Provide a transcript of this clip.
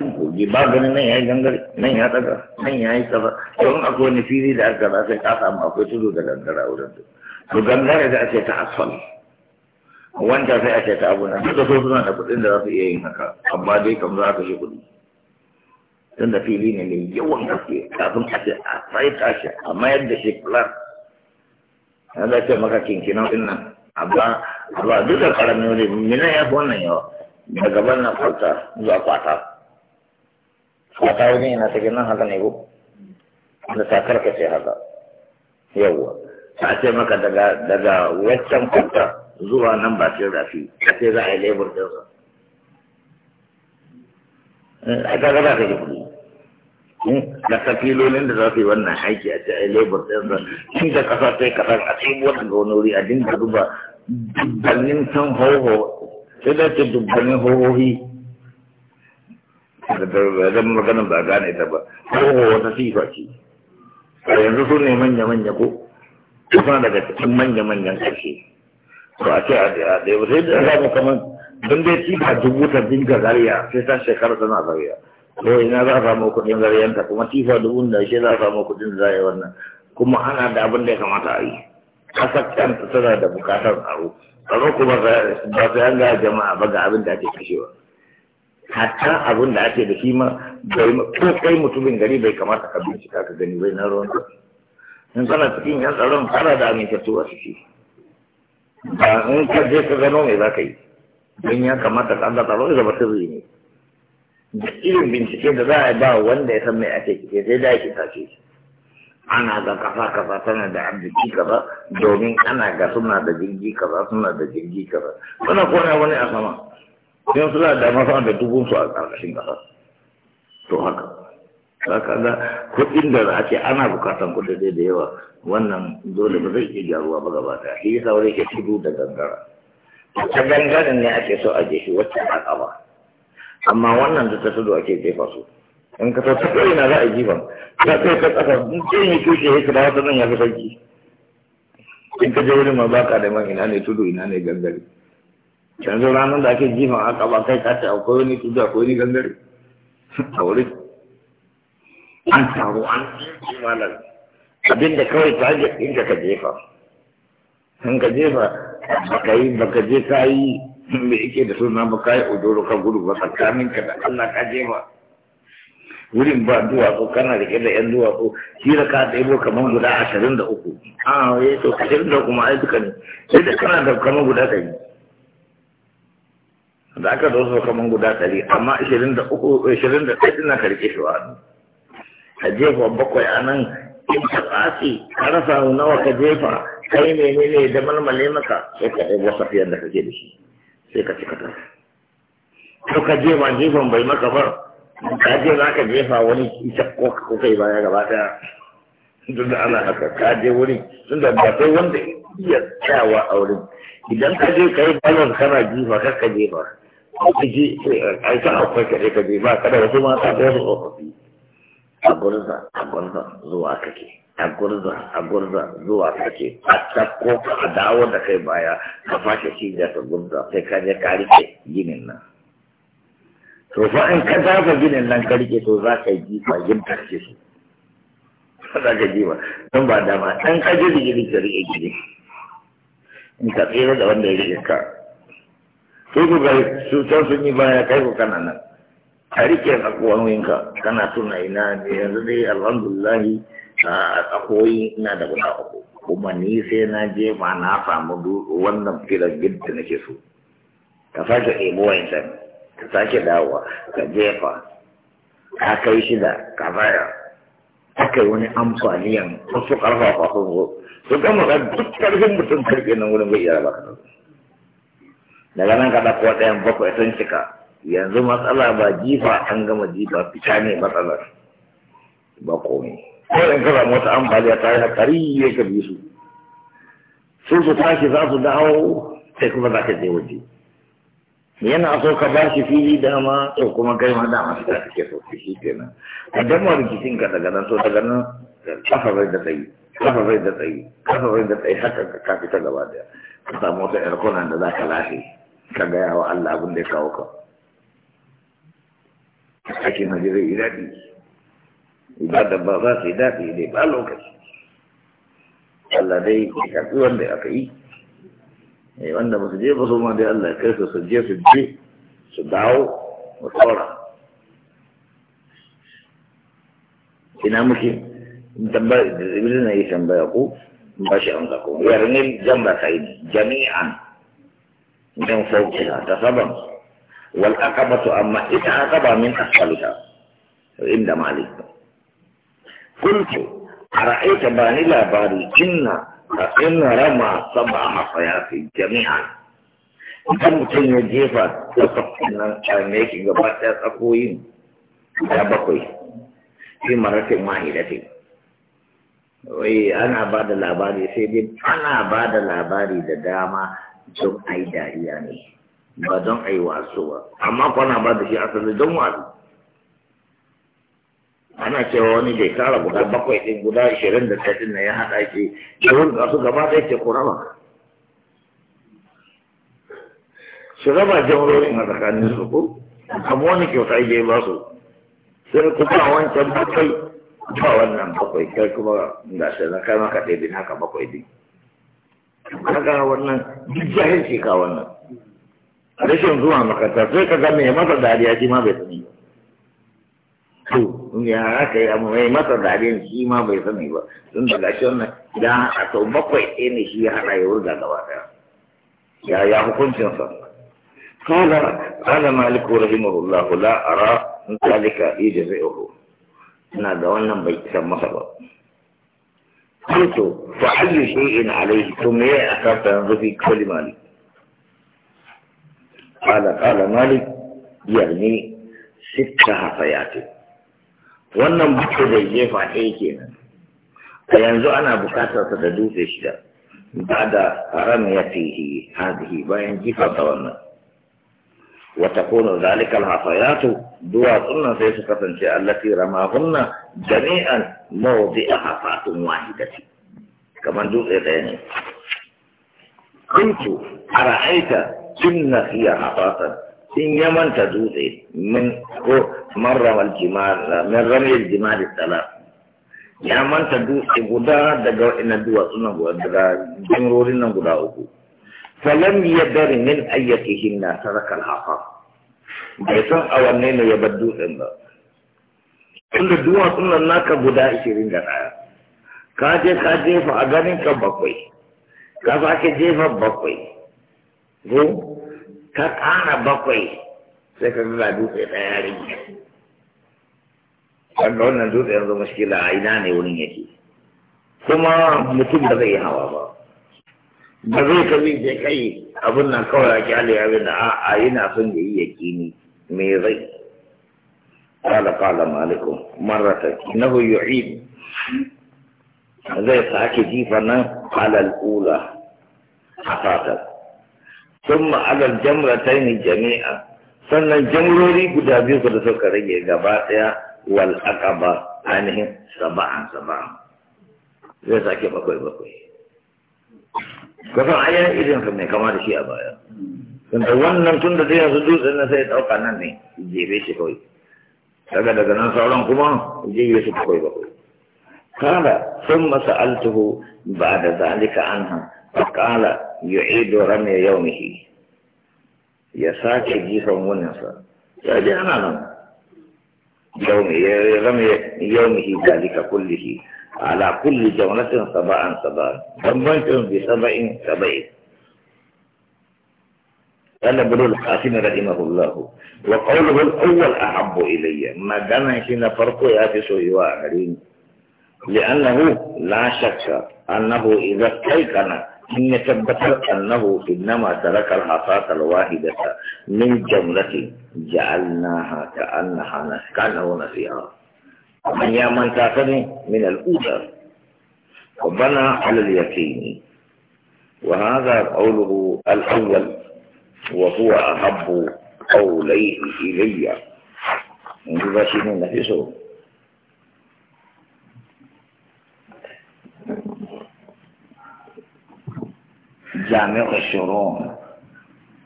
kogi ba ganin nan ya yi gangare nan ya daga nan ya yi kaza don akwai wani fili da aka za sai ka samu akwai tudu da gangara wurin su to gangare a ce ta asfal wanda sai a ce ta abu nan duka so suna da kuɗin da za su iya yin haka amma dai kam za ka yi kuɗi tun da fili ne mai yawan gaske kafin a ce a sai shi a mayar da shi kular na za ce maka kinkinan ɗin nan amma duk da ƙaramin wuri minan ya fi wannan yawa daga wannan kwalta zuwa kwata fata wajen yana cikin nan haka ne ko da sakar ka ce haka yawwa ta ce maka daga daga waccan kwanta zuwa nan ba sai rafi ta ce za a yi lebur ɗinsa a ta gaba ka ji kuɗi da ta da za su yi wannan aiki a ce a yi lebur sai a cikin wannan a dinga san sai da hohohi don maganin ba gane ta ba ko wata sifa ce a yanzu su ne manya-manya ko kuma daga cikin manya-manyan ƙarshe to a ce a ɗaya ba sai da za mu kamar don dai sifa dubu ta dinga zariya sai ta shekara tana zariya to ina za a samu kuɗin zariyanta kuma sifa dubu da shi za a samu kuɗin zariya wannan kuma ana da abin da ya kamata a yi kasar kanta tana da bukatar tsaro tsaro kuma ba sai an ga jama'a ba ga abin da ake kashewa hatta abin da ake da shi ko kai mutumin gari bai kamata ka bincika ka gani bai na ruwan in kana cikin yan tsaron kara da amintattu a ciki ba in ka je ka gano me za ka yi don ya kamata ka ga tsaro zama sirri ne da irin bincike da za a ba wanda ya san mai ake cike sai da ake tace shi ana ga kafa-kafa tana da arziki kaza domin ana ga suna da jirgi kaza suna da jirgi kaza suna kona wani a sama don suna da masu da dubun su a ƙarƙashin ƙasa to haka saka da kuɗin da za ce ana bukatan kuɗi da yawa wannan dole ba zai iya gyaruwa ba gaba ta shi yasa wani ke tudu da gangara ta gangaren ne ake so a je wacce ba ƙaba amma wannan da ta tudu ake jefa su in ka ta tudu ina za a jifan. ban ta kai ta ƙasa in ce ni tushe ya kira wata nan ya fi sauki in ka je wurin ma ba ka da man ina ne tudu ina ne gangare yanzu ranar da ake jima a ba kai ce akwai wani tuzo akwai wani gangare a wuri an taro an tsinci malar abin da kawai target ɗinka ka jefa in ka jefa baka yi baka je ka yi me yake da suna ba ka yi odoro ka gudu ba tsakanin ka da Allah ka jefa wurin ba duwatsu kana rike da yan duwatsu hira ka ɗaibo kamar guda ashirin da uku a ah, yi eh, to ashirin da uku ma ai ne sai da kana da kamar guda ɗari da aka zo su kaman guda ɗari amma ishirin da uku ishirin da ɗari na karke shi wa ka jefa bakwai a nan in ka tsafi ka rasa nawa ka jefa kai menene da malmale maka sai ka ɗaya wasa fiye da kake da shi sai ka cika tafi to ka jefa jefan bai maka ba ka je za ka jefa wani ita ko kai baya gaba ɗaya tun da ana haka ka je wurin tun da ba sai wanda iya tsayawa a wurin idan ka je ka yi balance kana jifa kar ka jefa ji ai ta akwai kaɗe ka je ba kada wasu mata da wasu tsofaffi a gurza a gurza zuwa kake a gurza a gurza zuwa kake a tsakko a dawo da kai baya ka fashe shi da ka gurza sai ka je ka rike ginin nan to fa in ka dafa ginin nan ka rike to za ka yi jifa yin tarke su za ka jifa don ba dama ɗan ka je da gini ka rike gini in ka tsira da wanda ya rike ka sai ku sun yi baya kai ku kana nan a rike tsakuwanwinka kana tuna ina ne yanzu dai alhamdulillahi a tsakoyi ina da guda uku kuma ni sai na je ma na samu wannan filar gidda nake so ka sake ɗebo wancan ka sake dawowa ka jefa ka kai shida ka baya aka yi wani amfaniyan wasu ƙarfafa sun zo su gama ga duk ƙarfin mutum karfe nan wurin bai iya ba ka daga nan kada ko ɗayan bakwai sun cika yanzu matsala ba jifa an gama jifa fita ne matsalar ba komai ko in ka samu wata ambaliya ta yi tari ya ka bi su su su tashi za su dawo sai kuma za ka je waje yana so ka ba shi fili dama to kuma kai ma dama su ta suke so shi kenan a damar rikicin ka daga nan so daga nan kafa bai da tsayi kafa bai da tsayi kafa bai da tsayi haka ka fita gaba daya ka samu wata yar da za ka lashe ka gaya wa Allah abin da ya kawo ka aikin hajji zai yi daɗi ibada ba za su yi daɗi dai ba lokaci Allah dai ya karɓi wanda aka yi eh, wanda ba su je ba su ma dai Allah ya kai su su je su je su dawo mu tsora ina muke tambaya da zibirin na yi tambaya ko ba shi an zako yarnin jamba sai jami'an من فوقها تسبب والعقبة أما إذا عقبة من أسفلها عند مالك قلت أرأيت باني باري إن إن رمى سبع حصيات جميعا idan mutum ya jefa tsofaffin nan a yake gaba ɗaya tsakoyin da bakwai sai maratin mahidatin wai ana ba da labari sai dai ana ba da labari da dama don a yi dariya ne ba don a yi wasu ba amma kwana ba da shi asali don wasu ana cewa wani bai kara guda bakwai ɗin guda ashirin da ɗin na ya haɗa shi shirin ga su gaba ɗaya ke kurawa su raba jamarorin a tsakanin su ko amma wani kyauta ya ba su sai kuma wancan bakwai ba wannan bakwai kai kuma ga shi na kai maka ɗaya bin haka bakwai ɗin kaga wannan duk jahilci ka wannan rashin zuwa makaranta sai ka zama ya masa dariya shi ma bai sani ba to ya aka yi amma mai masa dariya shi ma bai sani ba tun daga shi wannan idan a sau bakwai ɗaya ne shi ya haɗa ya wurga gaba ɗaya ya ya hukuncin sa قال قال مالك رحمه الله لا أرى ina ga wannan bai san masa ba ce to to ayyu shay'in alayhi to me aka tan rubi kulli malik qala qala malik hafa ya ce. wannan bukin da jefa ɗaya kenan a yanzu ana bukatar sa da dutse shida ba da ya fihi hadihi bayan jifa ta wannan wa ta kuna zalikal hafayatu duwa suna sai su kasance allati rama kuna jami'an mawuzi a hafatun wahidati kamar dutse daya ne kuntu a ra'aita tun na fiye hafatar sun yamanta dutse min ko marramar jimala yamanta dutse guda daga wa'inan duwa suna guda nan guda uku falam yadari min ayyatihinna taraka al-hafa bai san a wanne ne ya bar dutsen ba tunda duwatsun nan naka guda ishirin da ɗaya ka je ka jefa a ganin ka bakwai ka sake jefa bakwai ko ka ƙara bakwai sai ka ga dutse ɗaya rage wanda wannan dutse yanzu mashkila a ina ne wurin yake kuma mutum da zai yi hawa ba ba zai ka bin je kai abin nan kawai ake ala ya da a yana son ya yi yakini me zai qala qala malikum marrata innahu yu'id zai sake jifa nan alal ula afata thumma ta ni jami'a sannan jamrori guda biyu da suka rage gaba daya wal aqaba ainihin saba'an saba'an zai sake bakwai bakwai a ayan irin ka mai kama da shi a baya tunda wannan tun da yanzu dutsen na sai ɗauka nan ne jebe shi kawai daga daga nan sauran kuma jebe shi kawai ba kala sun masa altuhu ba da zalika ha, Ba kala rame yau mihi. ya sake jifan wuninsa ya ji ana nan yau mihi zalika kullihi على كل جملة سبعا سبعا ضمنتم بسبع سبعين قال ابن القاسم رحمه الله وقوله الأول أحب إلي ما دام هنا فرق يافس وآخرين لأنه لا شك أنه إذا استيقن إن ثبت أنه إنما ترك الحصاة الواحدة من جملة جعلناها كأنها نسكنه نسيها من يا من تعتني من الأولى وبنى على اليقين وهذا قوله الأول وهو أحب قوليه إلي من شنو نفسه جامع الشرون